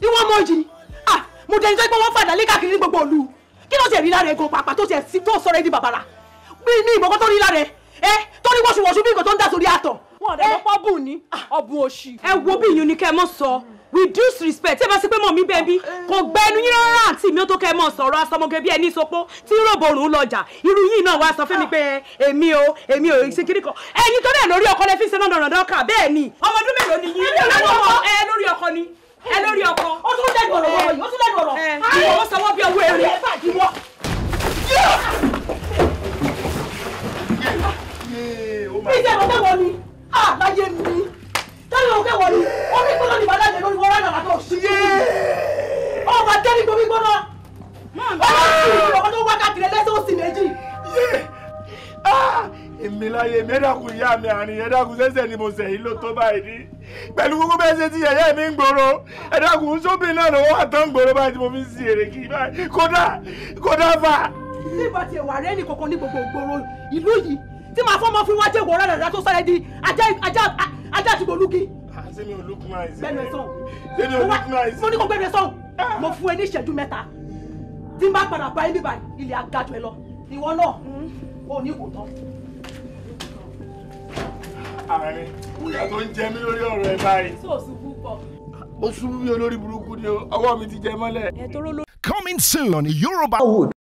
ìwọ ọmọ yìí ah mo dẹni tó ń pẹ́ wọ́n fàdà lé káàkiri ní gbogbo òlu kí ló ti rí lára ẹ̀gàn pàpà tó ti ẹ̀ sí tó sọ̀rọ̀ ẹni bàbàrà mi ní ìmọ̀kọ́ tó rí lára ẹ tó ní wọ́ṣuwọ́ṣu bí nǹkan tó ń dá sórí àtọ̀. wọn ò dẹ́gbẹ́ pọ́ bùn ní ah. ọ̀bùn òṣì. ẹ wo bí ìyún ni kẹ́ mọ́ sọ with due respect tí ẹ bá sí pé mọ̀ mí bẹ́bí ah, eh. kò gbẹ́nu yín rárá àǹtí mi ó tó kẹ́ mọ̀ sọ̀rọ̀ asọmọge bí ẹni sopó tí rògbòrò ń lọjà irú yìí náà wá sọ fún mi ah. pé èmi o èmi ò ṣe kiri kan ẹ̀yin tó bẹ́ẹ̀ lórí ọkọ lẹ́fíìsì náà dọ̀rọ̀ dọ́kà bẹ́ẹ̀ ni ọmọ ọdún mélòó ni yín ẹ lórí ọkọ ìjẹ́ ìwọ́n kẹ́wọ́ ni àgbáyé mi tẹ́lẹ̀ ìwọ́n kẹ́wọ́ ni omi gbọ́dọ̀ ní bàdá lè lórí wọ́n rán àbátọ̀ sí i ọba tẹ́lẹ̀ gbomi gbọ́dọ̀ ọba sì ní ọkọ tó wákàtí rẹ lẹ́sẹ̀ òsì méjì. èmi láyé mi ẹ̀dàkùn ìyá mi àárín ẹ̀dàkùn sẹ́sẹ̀ ni mo sẹ̀yìn ló tó báyìí ní pẹ̀lú kúkú bẹ́ẹ̀ ṣe ti yẹ̀yẹ́ mi ń gbòòrò ẹ̀dàkùn sóbì náà lọ́wọ́ àtọ́ ń gbòòrò báyìí tí mo fi ń si èrè kì í báyìí kódà kódà fà. nígbà tí ìwà rẹ ní kankan ní gbogbo ìgboro ìlú yìí tí màá fọmọ fún wájú ìwọ rẹ̀ rẹ̀ tó sọ̀rọ̀ di ajá àti gbòlúgi. sẹ́mi ah, ò àìsàn. bẹ́ẹ̀ ni sọ̀n. sẹ́mi àìsàn. mo ní kò gbẹ̀rẹ̀ sọ̀n. mo fún ẹ ní ìṣẹ́jú mẹ́ta tí n bá padà bá ẹni báyìí ilé agajọ ẹ lọ ìwọ náà ò ní kò tán. àárín ìyá tó ń jẹ mí lórí ọ̀rọ̀ ẹ báyìí. sóòsù púpọ̀. olórí burúkú ni ọwọ́ mi ti jẹ mọ́lẹ̀. Coming soon on Yorubawood.